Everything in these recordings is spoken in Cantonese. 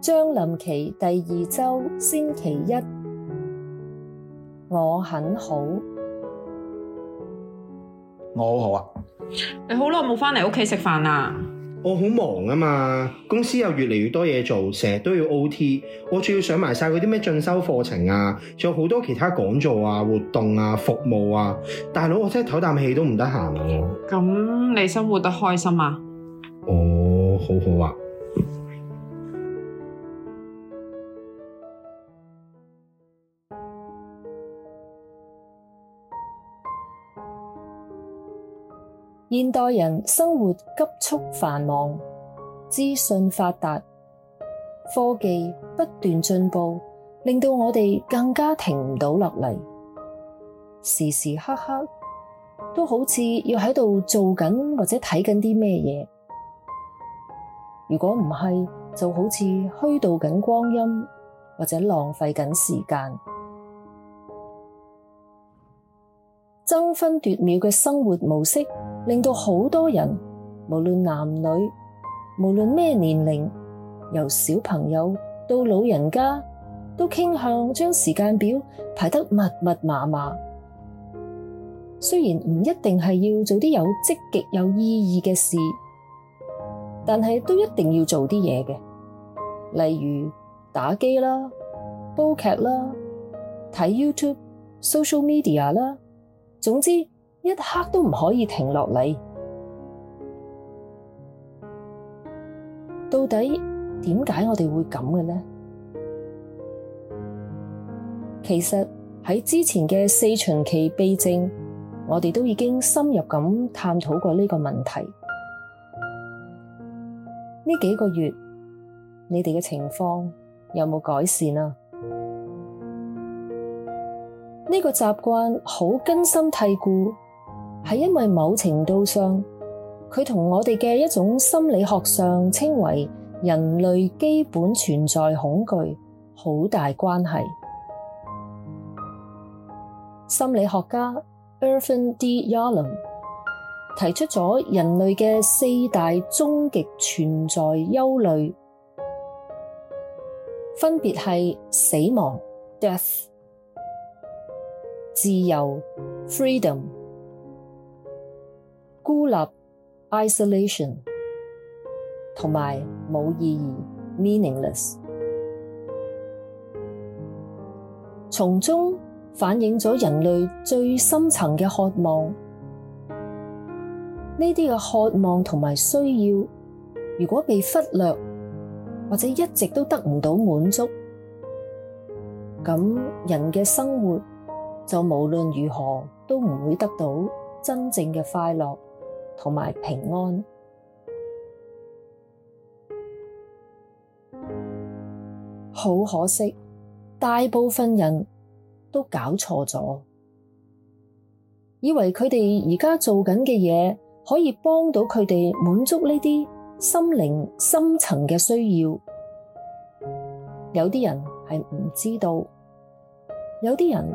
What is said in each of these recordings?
將臨期第二周星期一，我很好，我很好啊。你好耐冇翻嚟屋企食飯啦。我好忙啊嘛，公司又越嚟越多嘢做，成日都要 O T，我仲要上埋晒嗰啲咩進修課程啊，仲有好多其他講座啊、活動啊、服務啊，大佬我真係唞啖氣都唔得閒啊。咁你生活得開心啊？我好好啊。現代人生活急速繁忙，資訊發達，科技不斷進步，令到我哋更加停唔到落嚟，時時刻刻都好似要喺度做緊或者睇緊啲咩嘢。如果唔係，就好似虛度緊光陰或者浪費緊時間，爭分奪秒嘅生活模式。令到好多人，無論男女，無論咩年齡，由小朋友到老人家，都傾向將時間表排得密密麻麻。雖然唔一定係要做啲有積極有意義嘅事，但係都一定要做啲嘢嘅，例如打機啦、煲劇啦、睇 YouTube、Social Media 啦，總之。一刻都唔可以停落嚟。到底點解我哋會咁嘅呢？其實喺之前嘅四旬期避靜，我哋都已經深入咁探討過呢個問題。呢幾個月你哋嘅情況有冇改善啊？呢、這個習慣好根深蒂固。係因為某程度上，佢同我哋嘅一種心理學上稱為人類基本存在恐懼好大關係。心理學家 Irvin D. Yalom 提出咗人類嘅四大終極存在憂慮，分別係死亡 （death）、自由 （freedom）。孤立、isolation，同埋冇意義、meaningless，從中反映咗人類最深層嘅渴望。呢啲嘅渴望同埋需要，如果被忽略或者一直都得唔到滿足，咁人嘅生活就無論如何都唔會得到真正嘅快樂，同埋平安，好可惜，大部分人都搞錯咗，以為佢哋而家做緊嘅嘢可以幫到佢哋滿足呢啲心靈深層嘅需要。有啲人係唔知道，有啲人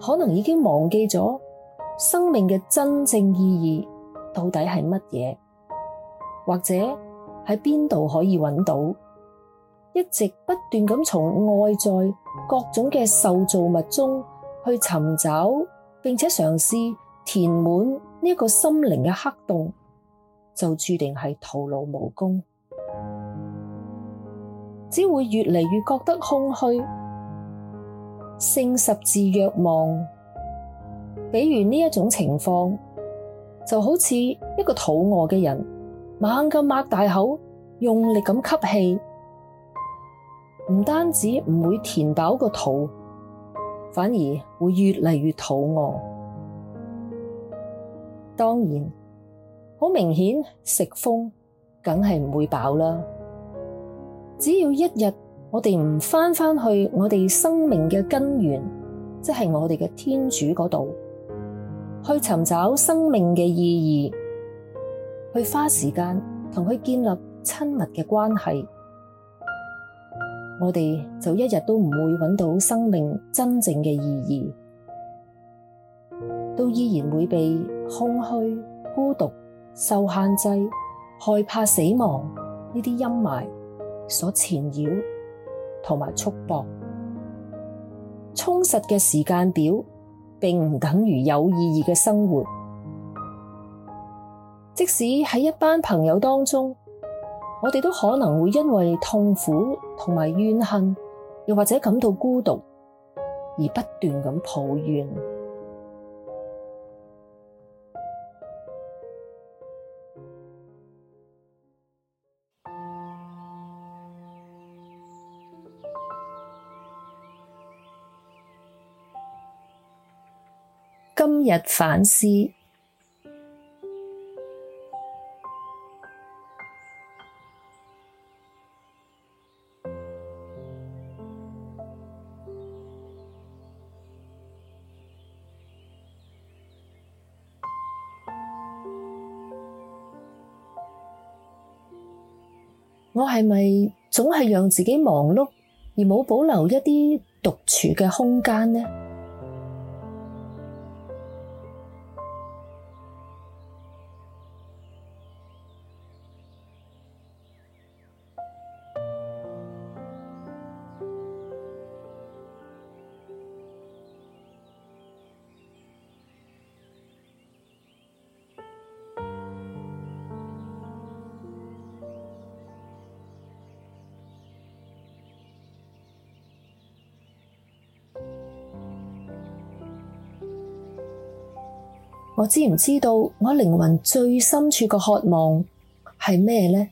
可能已經忘記咗生命嘅真正意義。到底係乜嘢，或者喺邊度可以揾到，一直不斷咁從外在各種嘅受造物中去尋找，並且嘗試填滿呢一個心靈嘅黑洞，就注定係徒勞無功，只會越嚟越覺得空虛。聖十字若望比如呢一種情況。就好似一個肚餓嘅人，猛咁擘大口，用力咁吸氣，唔單止唔會填飽個肚，反而會越嚟越肚餓。當然，好明顯食風，梗係唔會飽啦。只要一日我哋唔翻返去我哋生命嘅根源，即係我哋嘅天主嗰度。去尋找生命嘅意義，去花時間同佢建立親密嘅關係，我哋就一日都唔會揾到生命真正嘅意義，都依然會被空虛、孤獨、受限制、害怕死亡呢啲陰霾所纏繞同埋束縛。充實嘅時間表，並唔等於有意義嘅生活。即使喺一班朋友當中，我哋都可能會因為痛苦同埋怨恨，又或者感到孤獨，而不斷咁抱怨。今日反思，我係咪總係讓自己忙碌，而冇保留一啲獨處嘅空間呢？我知唔知道我靈魂最深處個渴望係咩咧？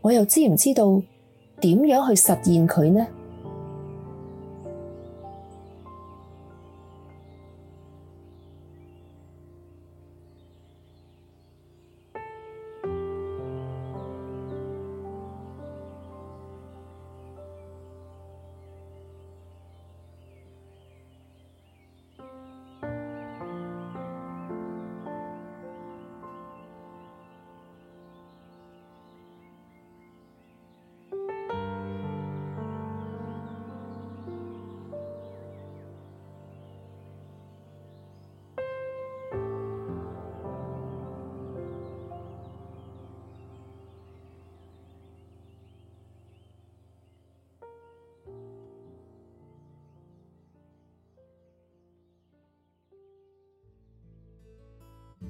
我又知唔知道點樣去實現佢呢？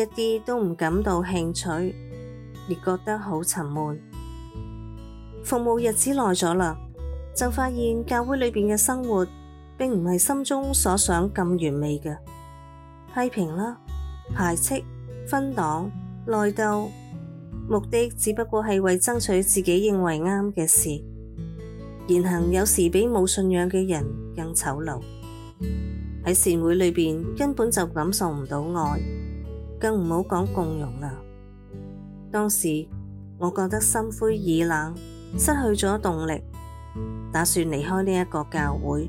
一啲都唔感到興趣，亦覺得好沉悶。服務日子耐咗啦，就發現教會裏邊嘅生活並唔係心中所想咁完美嘅批評啦、排斥、分黨、內鬥，目的只不過係為爭取自己認為啱嘅事，言行有時比冇信仰嘅人更醜陋。喺善會裏邊根本就感受唔到愛。更唔好講共融啦。當時我覺得心灰意冷，失去咗動力，打算離開呢一個教會。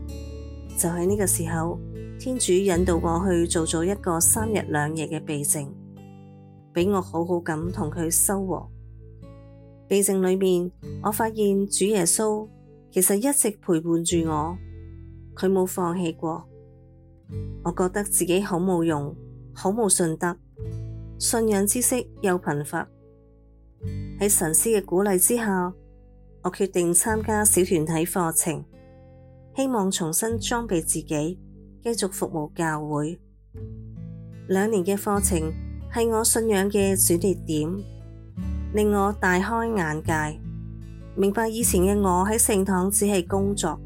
就喺呢個時候，天主引導我去做咗一個三日兩夜嘅避靜，畀我好好咁同佢修和。避靜裏面，我發現主耶穌其實一直陪伴住我，佢冇放棄過。我覺得自己好冇用，好冇信德。信仰知識又貧乏，喺神師嘅鼓勵之下，我決定參加小團體課程，希望重新裝備自己，繼續服務教會。兩年嘅課程係我信仰嘅轉捩點，令我大開眼界，明白以前嘅我喺聖堂只係工作，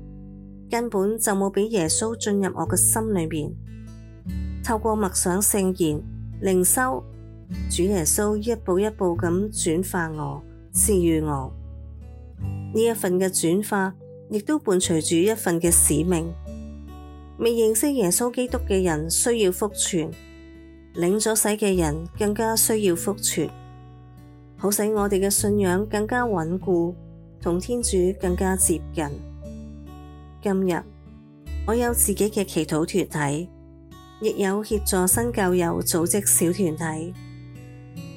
根本就冇俾耶穌進入我嘅心裏面。透過默想聖言、靈修。主耶穌一步一步咁轉化我，治癒我。呢一份嘅轉化，亦都伴隨住一份嘅使命。未認識耶穌基督嘅人需要福傳，領咗洗嘅人更加需要福傳，好使我哋嘅信仰更加穩固，同天主更加接近。今日我有自己嘅祈禱團體，亦有協助新教友組織小團體。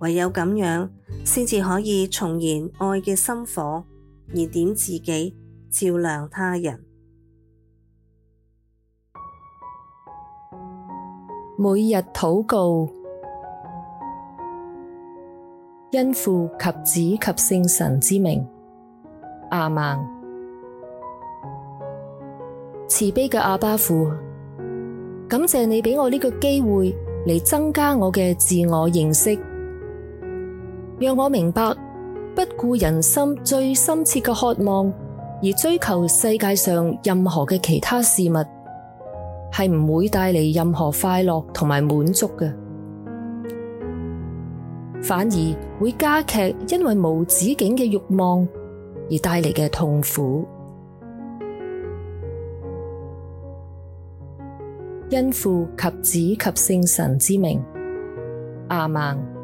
唯有咁樣，先至可以重燃愛嘅心火，燃點自己，照亮他人。每日禱告，因父及子及聖神之名，阿們。慈悲嘅阿爸父，感謝你俾我呢個機會嚟增加我嘅自我認識。讓我明白，不顧人心最深切嘅渴望，而追求世界上任何嘅其他事物，係唔會帶嚟任何快樂同埋滿足嘅，反而會加劇因為無止境嘅慾望而帶嚟嘅痛苦。因父及子及聖神之名，亞孟。